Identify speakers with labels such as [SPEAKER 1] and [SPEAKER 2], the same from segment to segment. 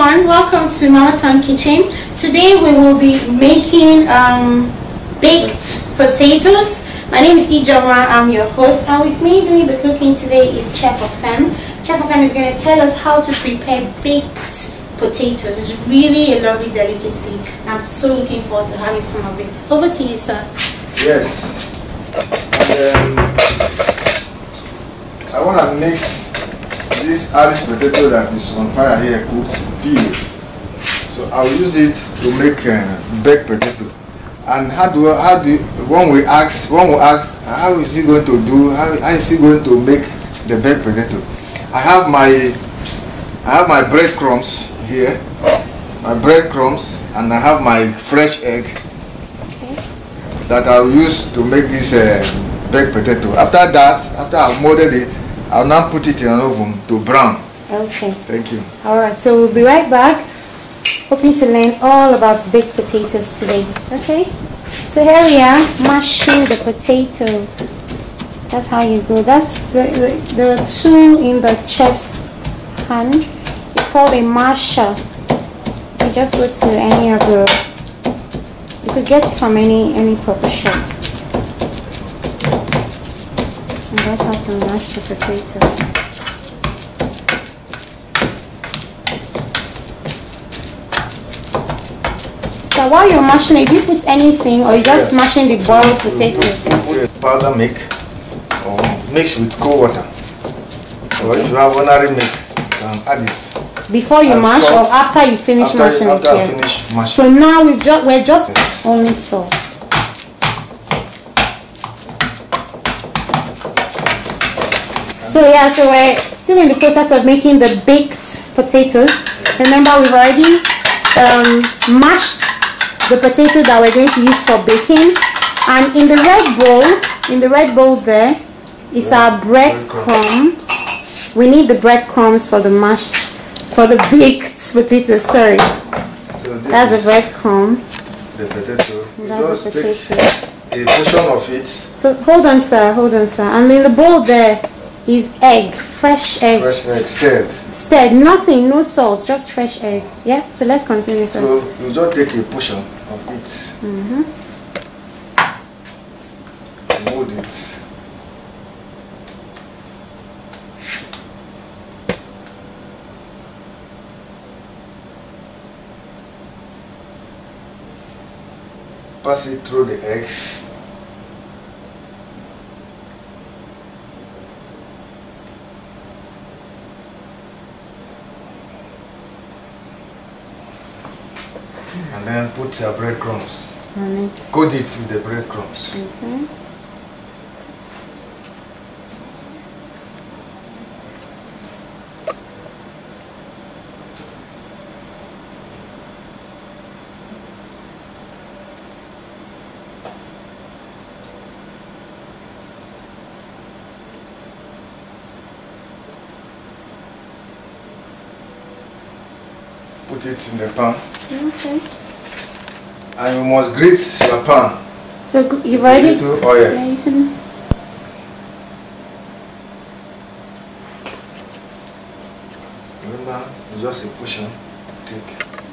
[SPEAKER 1] everyone, welcome to Mama Tan Kitchen. Today we will be making
[SPEAKER 2] um, baked potatoes. My name is Ijoma, I'm your host and with me doing the cooking today is Chef Fam. Chef Fam is going to tell us how to prepare baked potatoes. It's really a lovely delicacy. I'm so looking forward to having some of it. Over to you sir.
[SPEAKER 1] Yes. um, I want to mix this Irish potato that is on fire here cooked peel. So I'll use it to make uh, baked potato. And how do how do one will ask one will ask how is he going to do how, how is he going to make the baked potato? I have my I have my breadcrumbs here, my breadcrumbs, and I have my fresh egg okay. that I'll use to make this uh, baked potato. After that, after I've molded it, I'll now put it in an oven to brown. Okay. Thank you.
[SPEAKER 2] Alright, so we'll be right back. Hoping to learn all about baked potatoes today. Okay? So here we are, mashing the potato. That's how you go. That's the, the, there two in the chef's hand. It's called a masher. You just go to any of the you could get it from any any proper shop have some mashed potato. So while you're mashing it, you put anything or you just yes. mashing the boiled potato?
[SPEAKER 1] Put a powder milk or mix with cold water. Or if you have ordinary milk, you can add it.
[SPEAKER 2] Before you mash salt. or after you finish after mashing after it? After I finish mashing. So now we've just, we're just yes. only salt. So yeah, so we're still in the process of making the baked potatoes. Remember we've already um, mashed the potato that we're going to use for baking. And in the red bowl, in the red bowl there, is our breadcrumbs. we need the breadcrumbs for the mashed, for the baked potatoes, sorry. So That's a breadcrumb.
[SPEAKER 1] The potato. just a potato. take a portion of it.
[SPEAKER 2] So hold on sir, hold on sir. I'm in the bowl there, is egg, fresh egg. Fresh
[SPEAKER 1] egg, stirred.
[SPEAKER 2] Stirred, nothing, no salt, just fresh egg. Yeah, so let's continue. Sir. So
[SPEAKER 1] you just take a portion of it. Mm -hmm. Mold it. Pass it through the egg. then put your breadcrumbs. Coat it with the breadcrumbs. Mm -hmm. Put it in the pan.
[SPEAKER 2] Okay.
[SPEAKER 1] and you must grate your palm. So you've already. Little oil. Oh, yeah, you Remember, it's just a potion. Take.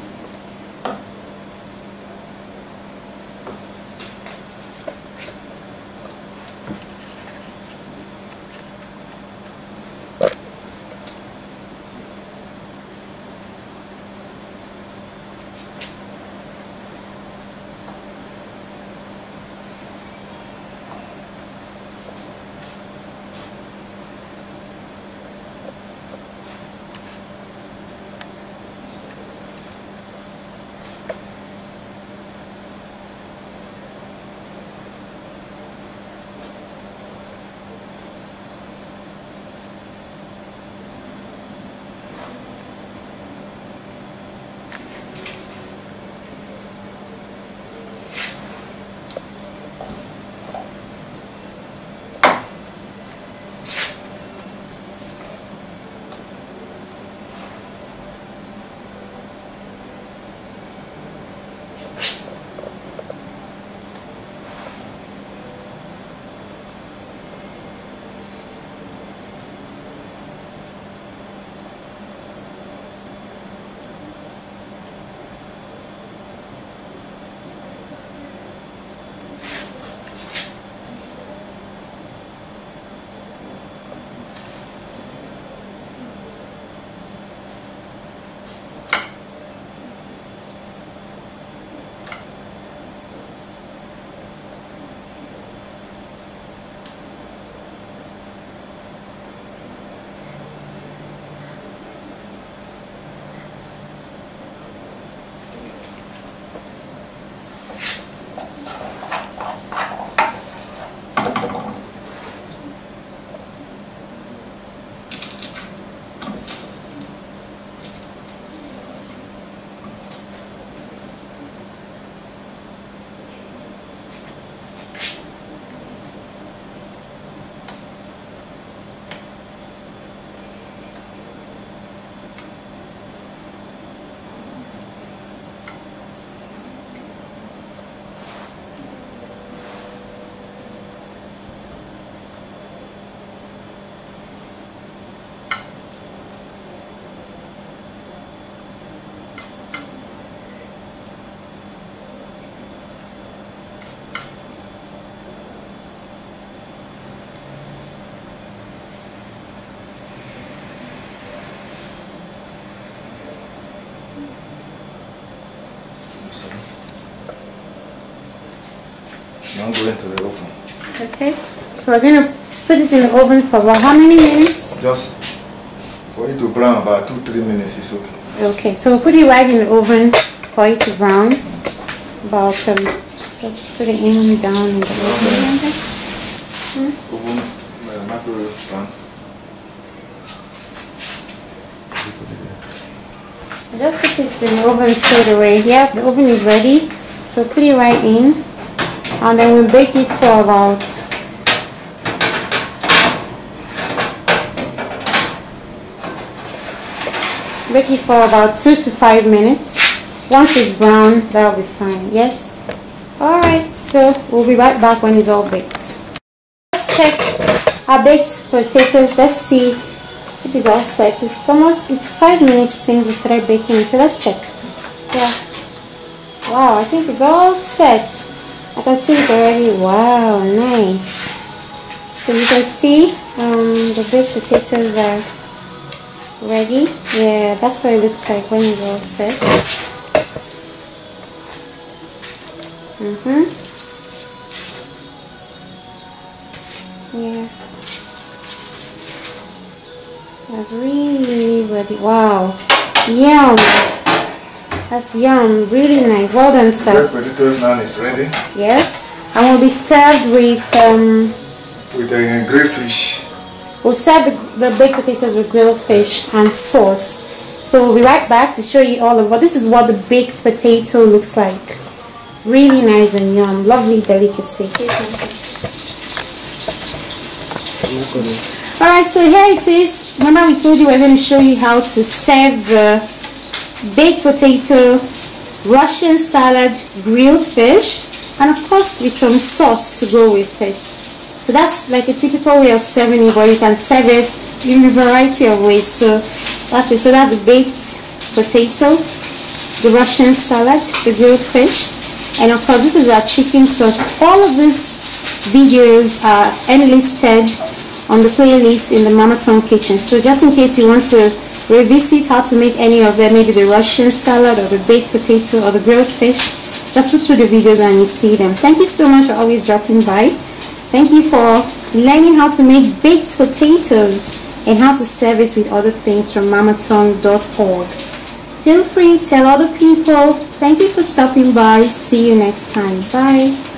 [SPEAKER 1] Don't go into the oven.
[SPEAKER 2] Okay. So we're going to put it in the oven for about how many minutes?
[SPEAKER 1] Just for it to brown, about 2-3 minutes is okay.
[SPEAKER 2] Okay, so we'll put it right in the oven for it to brown. About, um, just put it in down in the oven.
[SPEAKER 1] Hmm? Oven, uh, microwave pan.
[SPEAKER 2] just put it in the oven straight away. Yeah, the oven is ready. So put it right in and then we bake it for about bake it for about two to five minutes once it's brown that'll be fine yes all right so we'll be right back when it's all baked let's check our baked potatoes let's see if it's all set it's almost it's five minutes since we started baking so let's check yeah wow i think it's all set I can see it already. Wow, nice. So you can see um, the big potatoes are ready. Yeah, that's what it looks like when it's all set. Mm hmm Yeah. That's really, really ready. Wow. Yum. That's yum, really nice. Well done, sir.
[SPEAKER 1] The potato naan is ready.
[SPEAKER 2] Yeah, and will be served with um.
[SPEAKER 1] With the grilled fish.
[SPEAKER 2] We'll serve the, baked potatoes with grilled fish and sauce. So we'll be right back to show you all of what this is. What the baked potato looks like. Really nice and yum, lovely delicacy. Alright, so here it is. Remember we told you we we're going to show you how to serve the baked potato, Russian salad, grilled fish, and of course with some sauce to go with it. So that's like a typical way of serving it, but you can serve it in a variety of ways. So that's it. So that's the baked potato, the Russian salad, the grilled fish, and of course this is our chicken sauce. All of these videos are enlisted on the playlist in the Mama Tom Kitchen. So just in case you want to revisit how to make any of them, maybe the Russian salad or the baked potato or the grilled fish. Just look through the videos and you see them. Thank you so much for always dropping by. Thank you for learning how to make baked potatoes and how to serve it with other things from mamatong.org. Feel free, tell other people. Thank you for stopping by. See you next time. Bye.